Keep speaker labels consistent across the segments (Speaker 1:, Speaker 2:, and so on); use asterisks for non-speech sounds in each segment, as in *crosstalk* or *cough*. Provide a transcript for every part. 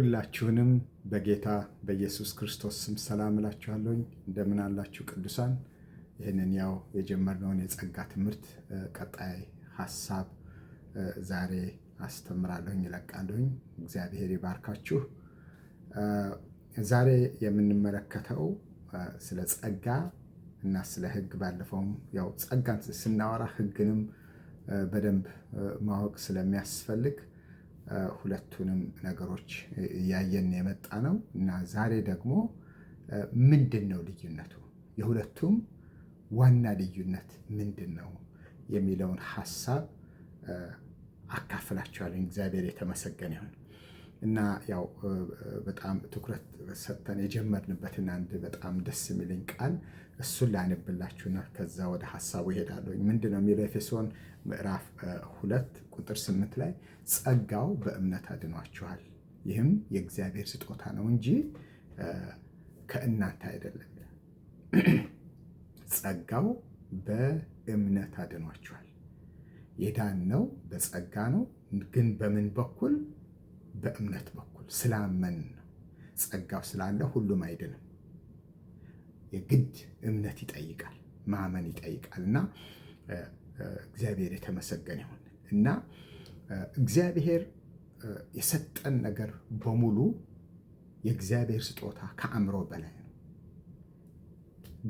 Speaker 1: ሁላችሁንም በጌታ በኢየሱስ ክርስቶስ ስም ሰላም እላችኋለሁኝ። እንደምን አላችሁ ቅዱሳን? ይህንን ያው የጀመርነውን የጸጋ ትምህርት ቀጣይ ሀሳብ ዛሬ አስተምራለሁኝ ይለቃለሁኝ። እግዚአብሔር ይባርካችሁ። ዛሬ የምንመለከተው ስለ ጸጋ እና ስለ ሕግ ባለፈውም ያው ጸጋን ስናወራ ሕግንም በደንብ ማወቅ ስለሚያስፈልግ ሁለቱንም ነገሮች እያየን የመጣ ነው እና ዛሬ ደግሞ ምንድን ነው ልዩነቱ፣ የሁለቱም ዋና ልዩነት ምንድን ነው የሚለውን ሀሳብ አካፍላቸዋለን እግዚአብሔር የተመሰገነ ይሁን። እና ያው በጣም ትኩረት ሰጥተን የጀመርንበትን አንድ በጣም ደስ የሚለኝ ቃል እሱን ላነብላችሁና ከዛ ወደ ሀሳቡ ይሄዳለሁ። ምንድን ነው የሚለው? ኤፌሶን ምዕራፍ ሁለት ቁጥር ስምንት ላይ ጸጋው በእምነት አድኗችኋል፣ ይህም የእግዚአብሔር ስጦታ ነው እንጂ ከእናንተ አይደለም። ጸጋው በእምነት አድኗችኋል። የዳን ነው በጸጋ ነው፣ ግን በምን በኩል በእምነት በኩል ስላመን ጸጋው ስላለ ሁሉም አይድንም። የግድ እምነት ይጠይቃል፣ ማመን ይጠይቃል እና እግዚአብሔር የተመሰገነ ይሁን እና እግዚአብሔር የሰጠን ነገር በሙሉ የእግዚአብሔር ስጦታ ከአእምሮ በላይ ነው።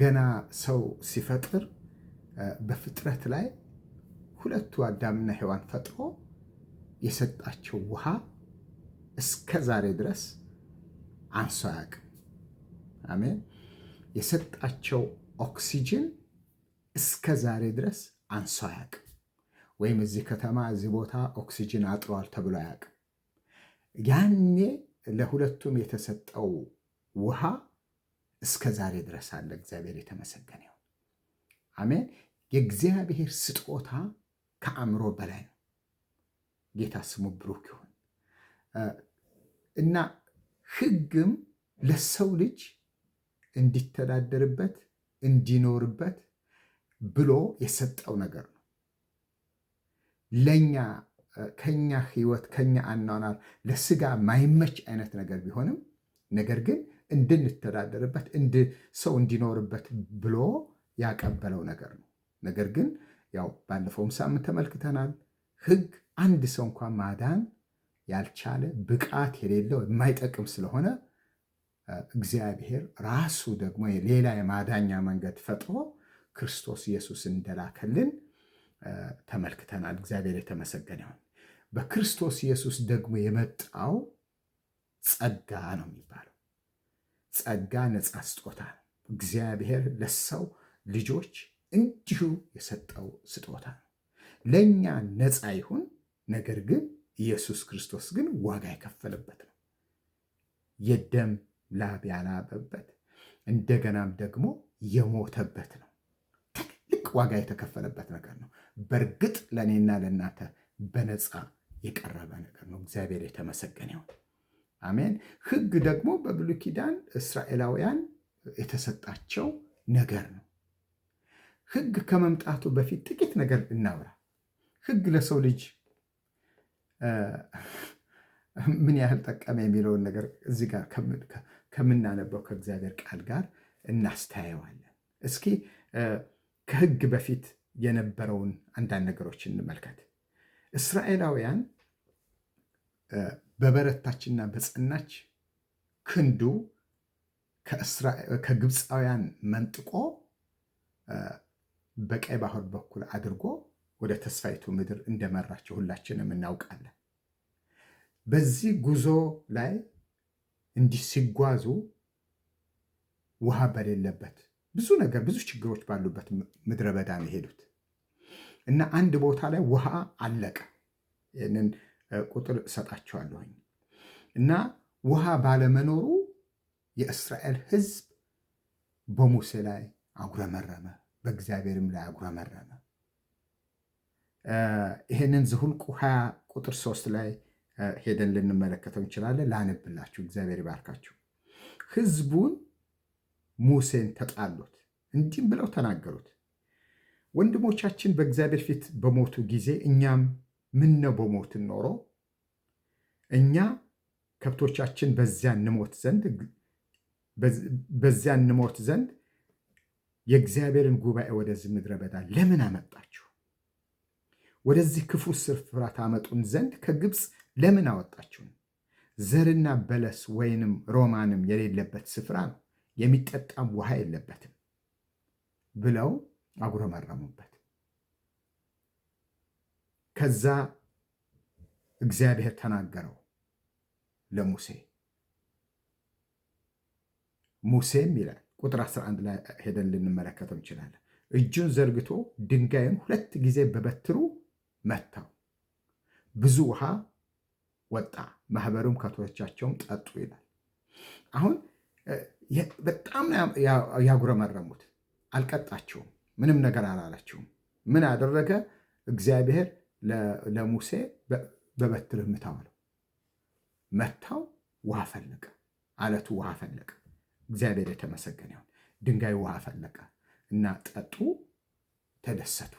Speaker 1: ገና ሰው ሲፈጥር በፍጥረት ላይ ሁለቱ አዳምና ሔዋን ፈጥሮ የሰጣቸው ውሃ እስከ ዛሬ ድረስ አንሶ አያውቅም። አሜን። የሰጣቸው ኦክሲጅን እስከ ዛሬ ድረስ አንሶ አያውቅም። ወይም እዚህ ከተማ እዚህ ቦታ ኦክሲጅን አጥሯል ተብሎ አያውቅም። ያኔ ለሁለቱም የተሰጠው ውሃ እስከ ዛሬ ድረስ አለ። እግዚአብሔር የተመሰገነ ይሁን። አሜን። የእግዚአብሔር ስጦታ ከአእምሮ በላይ ነው። ጌታ ስሙ ብሩክ ይሁን። እና ህግም ለሰው ልጅ እንዲተዳደርበት እንዲኖርበት ብሎ የሰጠው ነገር ነው። ለእኛ ከኛ ህይወት ከኛ አኗኗር ለስጋ ማይመች አይነት ነገር ቢሆንም ነገር ግን እንድንተዳደርበት ሰው እንዲኖርበት ብሎ ያቀበለው ነገር ነው። ነገር ግን ያው ባለፈውም ሳምንት ተመልክተናል። ህግ አንድ ሰው እንኳን ማዳን ያልቻለ ብቃት የሌለው የማይጠቅም ስለሆነ እግዚአብሔር ራሱ ደግሞ ሌላ የማዳኛ መንገድ ፈጥሮ ክርስቶስ ኢየሱስ እንደላከልን ተመልክተናል። እግዚአብሔር የተመሰገነ ይሁን። በክርስቶስ ኢየሱስ ደግሞ የመጣው ጸጋ ነው የሚባለው። ጸጋ ነፃ ስጦታ ነው። እግዚአብሔር ለሰው ልጆች እንዲሁ የሰጠው ስጦታ ነው። ለእኛ ነፃ ይሁን ነገር ግን ኢየሱስ ክርስቶስ ግን ዋጋ የከፈለበት ነው። የደም ላብ ያላበበት እንደገናም ደግሞ የሞተበት ነው። ትልቅ ዋጋ የተከፈለበት ነገር ነው። በእርግጥ ለእኔና ለእናንተ በነፃ የቀረበ ነገር ነው። እግዚአብሔር የተመሰገነ ይሁን። አሜን። ሕግ ደግሞ በብሉይ ኪዳን እስራኤላውያን የተሰጣቸው ነገር ነው። ሕግ ከመምጣቱ በፊት ጥቂት ነገር እናውራ። ሕግ ለሰው ልጅ *laughs* ምን ያህል ጠቀመ የሚለውን ነገር እዚህ ጋር ከምናነበው ከእግዚአብሔር ቃል ጋር እናስተያየዋለን። እስኪ ከህግ በፊት የነበረውን አንዳንድ ነገሮች እንመልከት። እስራኤላውያን በበረታችና በጸናች ክንዱ ከግብፃውያን መንጥቆ በቀይ ባህር በኩል አድርጎ ወደ ተስፋይቱ ምድር እንደመራቸው ሁላችንም እናውቃለን። በዚህ ጉዞ ላይ እንዲህ ሲጓዙ ውሃ በሌለበት ብዙ ነገር ብዙ ችግሮች ባሉበት ምድረ በዳ ነው የሄዱት እና አንድ ቦታ ላይ ውሃ አለቀ። ይህንን ቁጥር እሰጣቸዋለሁኝ እና ውሃ ባለመኖሩ የእስራኤል ሕዝብ በሙሴ ላይ አጉረመረመ፣ በእግዚአብሔርም ላይ አጉረመረመ። ይህንን ዝሁልቁ 20 ቁጥር 3 ላይ ሄደን ልንመለከተው እንችላለን። ላነብላችሁ። እግዚአብሔር ይባርካችሁ። ህዝቡን ሙሴን ተጣሉት፣ እንዲህም ብለው ተናገሩት፣ ወንድሞቻችን በእግዚአብሔር ፊት በሞቱ ጊዜ እኛም ምነው በሞትን ኖሮ እኛ ከብቶቻችን በዚያ እንሞት ዘንድ በዚያ እንሞት ዘንድ የእግዚአብሔርን ጉባኤ ወደዚህ ምድረ በዳ ለምን አመጣችሁ? ወደዚህ ክፉ ስፍራ ታመጡን ዘንድ ከግብፅ ለምን አወጣችሁን? ዘርና በለስ ወይንም ሮማንም የሌለበት ስፍራ ነው፣ የሚጠጣም ውሃ የለበትም ብለው አጉረመረሙበት። ከዛ እግዚአብሔር ተናገረው ለሙሴ። ሙሴም ይላል ቁጥር 11 ላይ ሄደን ልንመለከተው እንችላለን። እጁን ዘርግቶ ድንጋይን ሁለት ጊዜ በበትሩ መታው። ብዙ ውሃ ወጣ፣ ማህበሩም ከቶቻቸውም ጠጡ ይላል። አሁን በጣም ያጉረመረሙት፣ አልቀጣቸውም፣ ምንም ነገር አላላቸውም። ምን አደረገ እግዚአብሔር? ለሙሴ በበትርህ ምታው አለው። መታው፣ ውሃ ፈለቀ፣ አለቱ ውሃ ፈለቀ። እግዚአብሔር የተመሰገነ ይሁን። ድንጋይ ውሃ ፈለቀ እና ጠጡ፣ ተደሰቱ።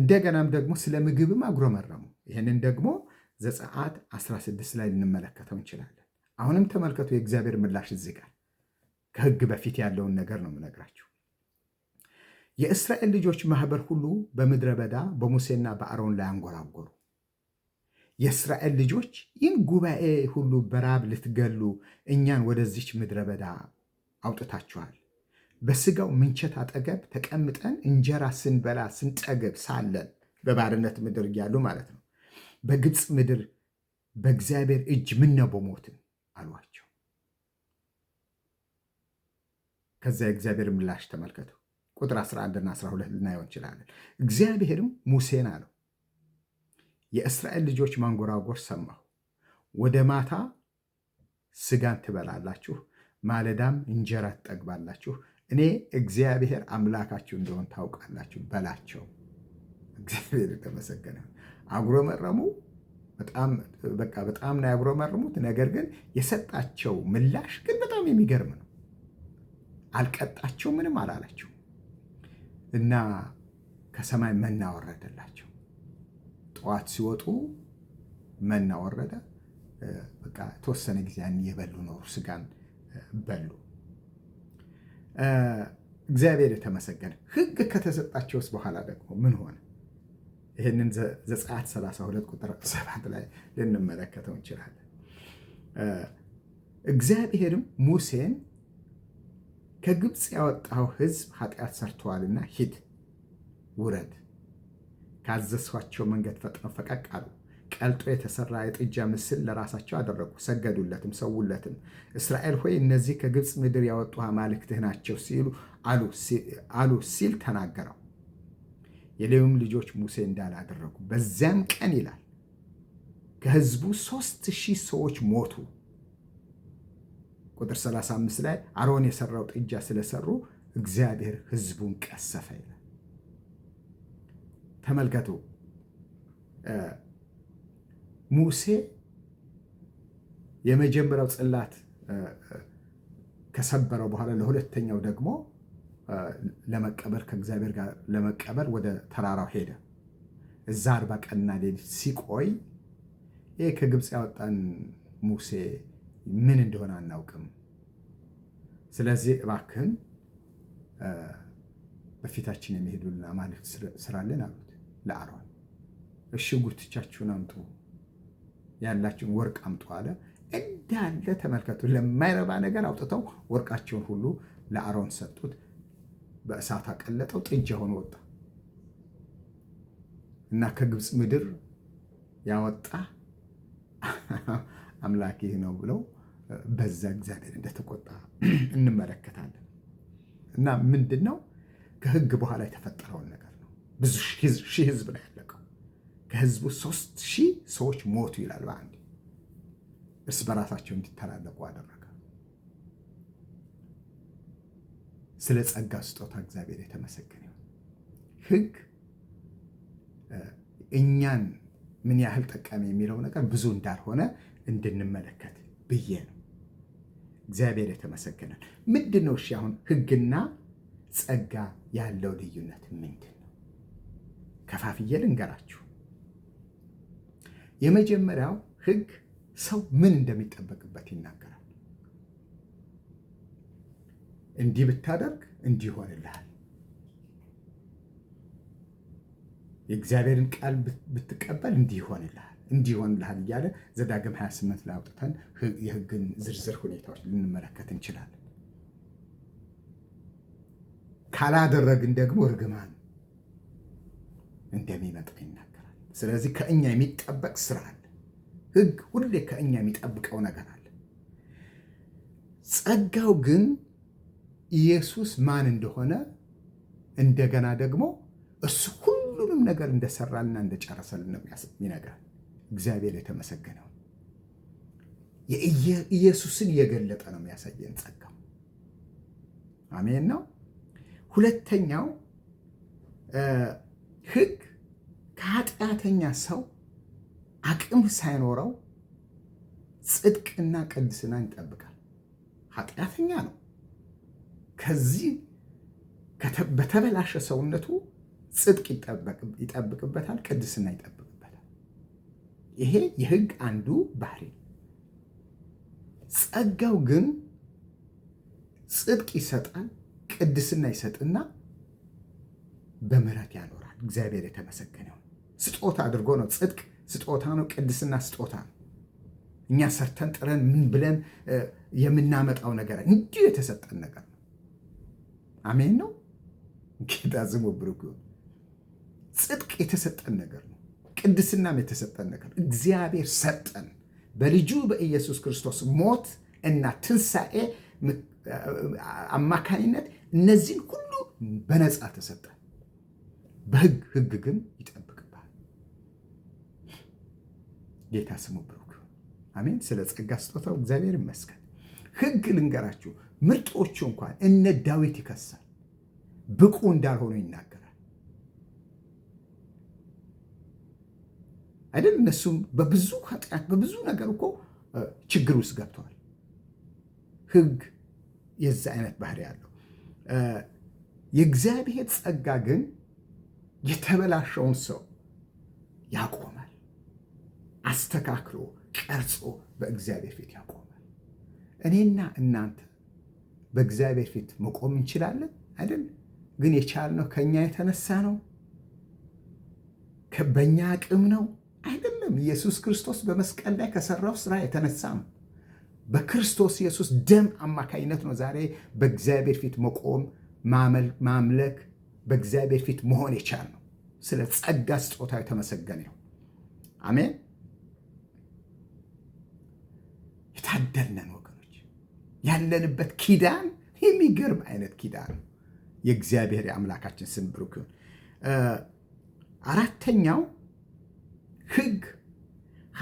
Speaker 1: እንደገናም ደግሞ ስለ ምግብም አጉረመረሙ። ይህንን ደግሞ ዘጸአት 16 ላይ ልንመለከተው እንችላለን። አሁንም ተመልከቱ የእግዚአብሔር ምላሽ እዚህ ጋር በፊት ያለውን ነገር ነው የምነግራችሁ። የእስራኤል ልጆች ማህበር ሁሉ በምድረ በዳ በሙሴና በአሮን ላይ አንጎራጎሩ። የእስራኤል ልጆች ይህን ጉባኤ ሁሉ በራብ ልትገሉ እኛን ወደዚች ምድረ በዳ አውጥታችኋል በስጋው ምንቸት አጠገብ ተቀምጠን እንጀራ ስንበላ ስንጠገብ ሳለን በባርነት ምድር እያሉ ማለት ነው። በግብፅ ምድር በእግዚአብሔር እጅ ምነው አሏቸው። ከዚያ የእግዚአብሔር ምላሽ ተመልከቱ። ቁጥር 11 እና 12 ልናየው እንችላለን። እግዚአብሔርም ሙሴን አለው የእስራኤል ልጆች ማንጎራጎር ሰማሁ። ወደ ማታ ስጋን ትበላላችሁ፣ ማለዳም እንጀራ ትጠግባላችሁ እኔ እግዚአብሔር አምላካችሁ እንደሆን ታውቃላችሁ በላቸው። እግዚአብሔር የተመሰገነ። አጉረመረሙ። በጣም በቃ በጣም ነው ያጉረመረሙት። ነገር ግን የሰጣቸው ምላሽ ግን በጣም የሚገርም ነው። አልቀጣቸው፣ ምንም አላላቸው እና ከሰማይ መና ወረደላቸው። ጠዋት ሲወጡ መና ወረደ። በቃ የተወሰነ ጊዜ የበሉ ኖሩ፣ ስጋን በሉ። እግዚአብሔር የተመሰገነ። ህግ ከተሰጣቸውስ በኋላ ደግሞ ምን ሆነ? ይህንን ዘጸአት 32 ቁጥር 7 ላይ ልንመለከተው እንችላለን። እግዚአብሔርም ሙሴን ከግብፅ ያወጣው ህዝብ ኃጢአት ሰርተዋልና ሂድ፣ ውረድ፣ ካዘዝኋቸው መንገድ ፈጥነው ፈቀቅ አሉ ቀልጦ የተሰራ የጥጃ ምስል ለራሳቸው አደረጉ፣ ሰገዱለትም፣ ሰውለትም። እስራኤል ሆይ እነዚህ ከግብፅ ምድር ያወጡ አማልክትህ ናቸው ሲሉ አሉ ሲል ተናገረው። የሌዊም ልጆች ሙሴ እንዳላደረጉ በዚያም ቀን ይላል ከህዝቡ ሶስት ሺህ ሰዎች ሞቱ። ቁጥር 35 ላይ አሮን የሰራው ጥጃ ስለሰሩ እግዚአብሔር ህዝቡን ቀሰፈ ይላል። ተመልከቱ ሙሴ የመጀመሪያው ጽላት ከሰበረው በኋላ ለሁለተኛው ደግሞ ለመቀበር ከእግዚአብሔር ጋር ለመቀበር ወደ ተራራው ሄደ። እዛ አርባ ቀንና ሌሊት ሲቆይ ይህ ከግብፅ ያወጣን ሙሴ ምን እንደሆነ አናውቅም። ስለዚህ እባክህን በፊታችን የሚሄዱልን አማልክት ስራልን አሉት ለአሮን። እሺ ጉትቻችሁን አምጡ ያላችሁን ወርቅ አምጡ አለ። እንዳለ ተመልከቱ፣ ለማይረባ ነገር አውጥተው ወርቃቸውን ሁሉ ለአሮን ሰጡት። በእሳት አቀለጠው፣ ጥጃ ሆኖ ወጣ እና ከግብፅ ምድር ያወጣ *laughs* አምላክ ይህ ነው ብለው በዛ እግዚአብሔር እንደተቆጣ እንመለከታለን። እና ምንድን ነው ከህግ በኋላ የተፈጠረውን ነገር ነው። ብዙ ሺህ ህዝብ ነው ያለ ከህዝቡ ሶስት ሺህ ሰዎች ሞቱ ይላል። በአንድ እርስ በራሳቸው እንዲተላለቁ አደረገ። ስለ ጸጋ ስጦታ እግዚአብሔር የተመሰገነ። ህግ እኛን ምን ያህል ጠቃሚ የሚለው ነገር ብዙ እንዳልሆነ እንድንመለከት ብዬ ነው። እግዚአብሔር የተመሰገነ። ምንድን ነው እሺ? አሁን ህግና ጸጋ ያለው ልዩነት ምንድን ነው? ከፋፍዬ ልንገራችሁ። የመጀመሪያው ህግ ሰው ምን እንደሚጠበቅበት ይናገራል። እንዲህ ብታደርግ እንዲህ ይሆንልሃል። የእግዚአብሔርን ቃል ብትቀበል እንዲህ ይሆንልሃል እንዲህ ይሆንልሃል እያለ ዘዳግም 28 ላይ አውጥተን የህግን ዝርዝር ሁኔታዎች ልንመለከት እንችላለን። ካላደረግን ደግሞ እርግማን እንደሚመጣ ይናል። ስለዚህ ከእኛ የሚጠበቅ ስራ አለ። ህግ ሁሌ ከእኛ የሚጠብቀው ነገር አለ። ጸጋው ግን ኢየሱስ ማን እንደሆነ እንደገና ደግሞ እሱ ሁሉንም ነገር እንደሰራልና እንደጨረሰልን ነው ይነግራል። እግዚአብሔር የተመሰገነው ኢየሱስን የገለጠ ነው የሚያሳየን ጸጋው። አሜን ነው። ሁለተኛው ህግ ኃጢአተኛ ሰው አቅም ሳይኖረው ጽድቅና ቅድስናን ይጠብቃል። ኃጢአተኛ ነው። ከዚህ በተበላሸ ሰውነቱ ጽድቅ ይጠብቅበታል፣ ቅድስና ይጠብቅበታል። ይሄ የህግ አንዱ ባህሪ። ጸጋው ግን ጽድቅ ይሰጣል፣ ቅድስና ይሰጥና በምሕረት ያኖራል። እግዚአብሔር የተመሰገነው ስጦታ አድርጎ ነው። ጽድቅ ስጦታ ነው። ቅድስና ስጦታ ነው። እኛ ሰርተን ጥረን ምን ብለን የምናመጣው ነገር እንዲሁ የተሰጠን ነገር ነው። አሜን ነው። ጌታ ስሙ ብሩክ ይሁን። ጽድቅ የተሰጠን ነገር ነው። ቅድስናም የተሰጠን ነገር ነው። እግዚአብሔር ሰጠን። በልጁ በኢየሱስ ክርስቶስ ሞት እና ትንሣኤ አማካኝነት እነዚህን ሁሉ በነፃ ተሰጠን። በሕግ ሕግ ግን ይጠብቅ ጌታ ስሙ ብሩክ አሜን። ስለ ጸጋ ስጦታው እግዚአብሔር ይመስገን። ህግ ልንገራችሁ፣ ምርጦቹ እንኳን እነ ዳዊት ይከሳል፣ ብቁ እንዳልሆኑ ይናገራል አይደል? እነሱም በብዙ ኃጢአት በብዙ ነገር እኮ ችግር ውስጥ ገብተዋል። ህግ የዛ አይነት ባህሪ ያለው የእግዚአብሔር ጸጋ ግን የተበላሸውን ሰው ያቆ አስተካክሎ ቀርጾ በእግዚአብሔር ፊት ያቆማል። እኔና እናንተ በእግዚአብሔር ፊት መቆም እንችላለን አይደል? ግን የቻልነው ከእኛ የተነሳ ነው? በእኛ አቅም ነው? አይደለም። ኢየሱስ ክርስቶስ በመስቀል ላይ ከሰራው ስራ የተነሳ ነው። በክርስቶስ ኢየሱስ ደም አማካኝነት ነው ዛሬ በእግዚአብሔር ፊት መቆም፣ ማምለክ፣ በእግዚአብሔር ፊት መሆን ነው። ስለ ጸጋ ስጦታ የተመሰገነ ነው። አሜን። የታደልነን ወገኖች ያለንበት ኪዳን የሚገርም አይነት ኪዳን ነው። የእግዚአብሔር የአምላካችን ስም ብሩክ ይሁን። አራተኛው ህግ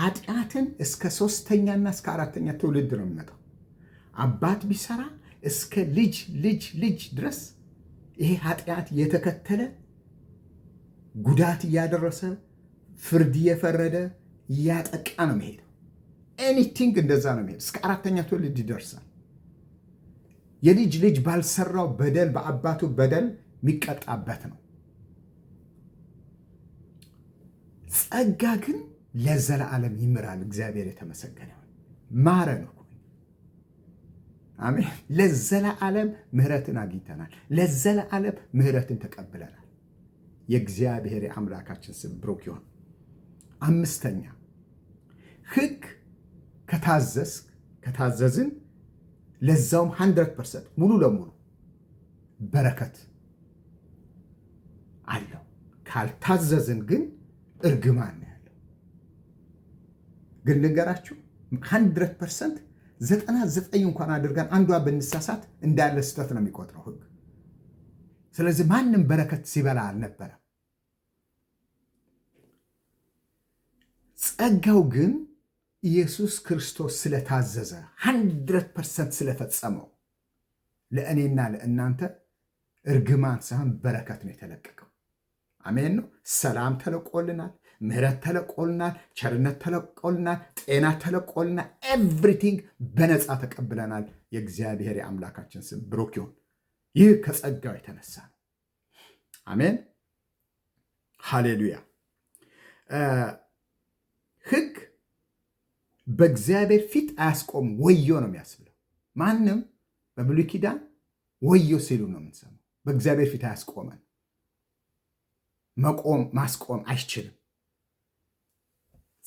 Speaker 1: ኃጢአትን እስከ ሶስተኛና እስከ አራተኛ ትውልድ ነው የሚመጣው። አባት ቢሰራ እስከ ልጅ ልጅ ልጅ ድረስ ይሄ ኃጢአት የተከተለ ጉዳት እያደረሰ ፍርድ እየፈረደ እያጠቃ ነው መሄድ ኤኒቲንግ እንደዛ ነው የሚሄድ እስከ አራተኛ ትውልድ ይደርሳል። የልጅ ልጅ ባልሰራው በደል በአባቱ በደል የሚቀጣበት ነው። ጸጋ ግን ለዘላለም ይምራል። እግዚአብሔር የተመሰገነ ማረን እኮ አሜን። ለዘላለም ምሕረትን አግኝተናል። ለዘላለም ምሕረትን ተቀብለናል። የእግዚአብሔር የአምላካችን ስም ብሩክ ይሁን። አምስተኛ ሕግ ከታዘዝ ከታዘዝን ለዛውም 100 ፐርሰንት ሙሉ ለሙሉ በረከት አለው። ካልታዘዝን ግን እርግማን ነው ያለው። ግን ልንገራችሁ 100 ፐርሰንት ዘጠና ዘጠኝ እንኳን አድርገን አንዷ ብንሳሳት እንዳለ ስህተት ነው የሚቆጥረው ሕግ። ስለዚህ ማንም በረከት ሲበላ አልነበረም። ጸጋው ግን ኢየሱስ ክርስቶስ ስለታዘዘ ሃንድረድ ፐርሰንት ስለፈጸመው ለእኔና ለእናንተ እርግማን ሳይሆን በረከት ነው የተለቀቀው። አሜን ነው። ሰላም ተለቆልናል፣ ምህረት ተለቆልናል፣ ቸርነት ተለቆልናል፣ ጤና ተለቆልናል። ኤቭሪቲንግ በነፃ ተቀብለናል። የእግዚአብሔር የአምላካችን ስም ብሩክ ይሁን። ይህ ከጸጋው የተነሳ ነው። አሜን ሃሌሉያ። ህግ በእግዚአብሔር ፊት አያስቆም ወዮ ነው የሚያስብለው። ማንም በብሉይ ኪዳን ወዮ ሲሉ ነው የምንሰማው። በእግዚአብሔር ፊት አያስቆመን። መቆም ማስቆም አይችልም።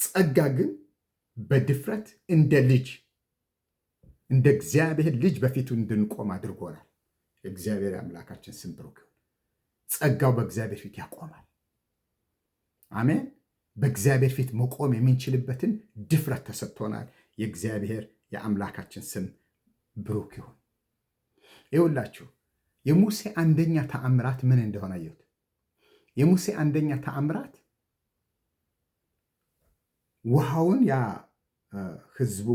Speaker 1: ጸጋ ግን በድፍረት እንደ ልጅ እንደ እግዚአብሔር ልጅ በፊቱ እንድንቆም አድርጎናል። እግዚአብሔር አምላካችን ስም ብሩክ። ጸጋው በእግዚአብሔር ፊት ያቆማል። አሜን። በእግዚአብሔር ፊት መቆም የምንችልበትን ድፍረት ተሰጥቶናል። የእግዚአብሔር የአምላካችን ስም ብሩክ ይሁን። ይውላችሁ የሙሴ አንደኛ ተአምራት ምን እንደሆነ አየሁት። የሙሴ አንደኛ ተአምራት ውሃውን ያ ህዝቡ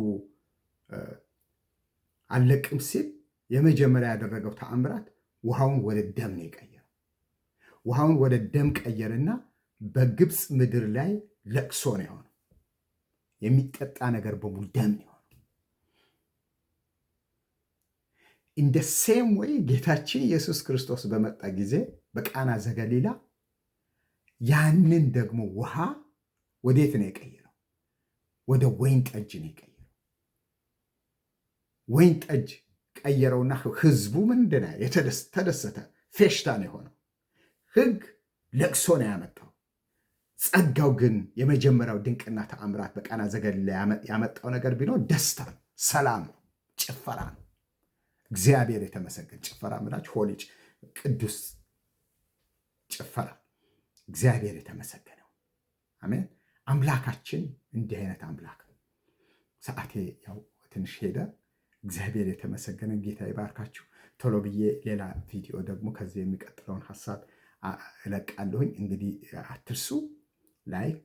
Speaker 1: አለቅም ሲል የመጀመሪያ ያደረገው ተአምራት ውሃውን ወደ ደም ነው የቀየረው። ውሃውን ወደ ደም ቀየርና በግብፅ ምድር ላይ ለቅሶ ነው የሆነው። የሚጠጣ ነገር በሙሉ ደም ነው የሆነው። እንደ ሴም ወይ ጌታችን ኢየሱስ ክርስቶስ በመጣ ጊዜ በቃና ዘገሊላ ያንን ደግሞ ውሃ ወዴት ነው የቀየረው? ወደ ወይን ጠጅ ነው የቀየረው። ወይን ጠጅ ቀየረውና ህዝቡ ምንድን ተደሰተ። ፌሽታ ነው የሆነው። ህግ ለቅሶ ነው ያመጣው። ጸጋው ግን የመጀመሪያው ድንቅና ተአምራት በቃና ዘገሊላ ያመጣው ነገር ቢኖር ደስታ፣ ሰላም፣ ጭፈራ ነው። እግዚአብሔር የተመሰገን ጭፈራ ምላች ሆሊች ቅዱስ ጭፈራ እግዚአብሔር የተመሰገነው አሜን። አምላካችን እንዲህ አይነት አምላክ ነው። ሰዓቴ ያው ትንሽ ሄደ። እግዚአብሔር የተመሰገነ ጌታ ይባርካችሁ። ቶሎ ብዬ ሌላ ቪዲዮ ደግሞ ከዚህ የሚቀጥለውን ሀሳብ እለቃለሁኝ። እንግዲህ አትርሱ። ላይክ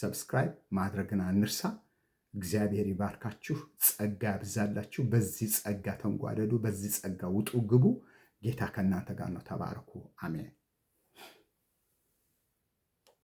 Speaker 1: ሰብስክራይብ ማድረግን አንርሳ። እግዚአብሔር ይባርካችሁ፣ ጸጋ ያብዛላችሁ። በዚህ ጸጋ ተንጓደዱ፣ በዚህ ጸጋ ውጡ፣ ግቡ። ጌታ ከእናንተ ጋር ነው። ተባረኩ። አሜን።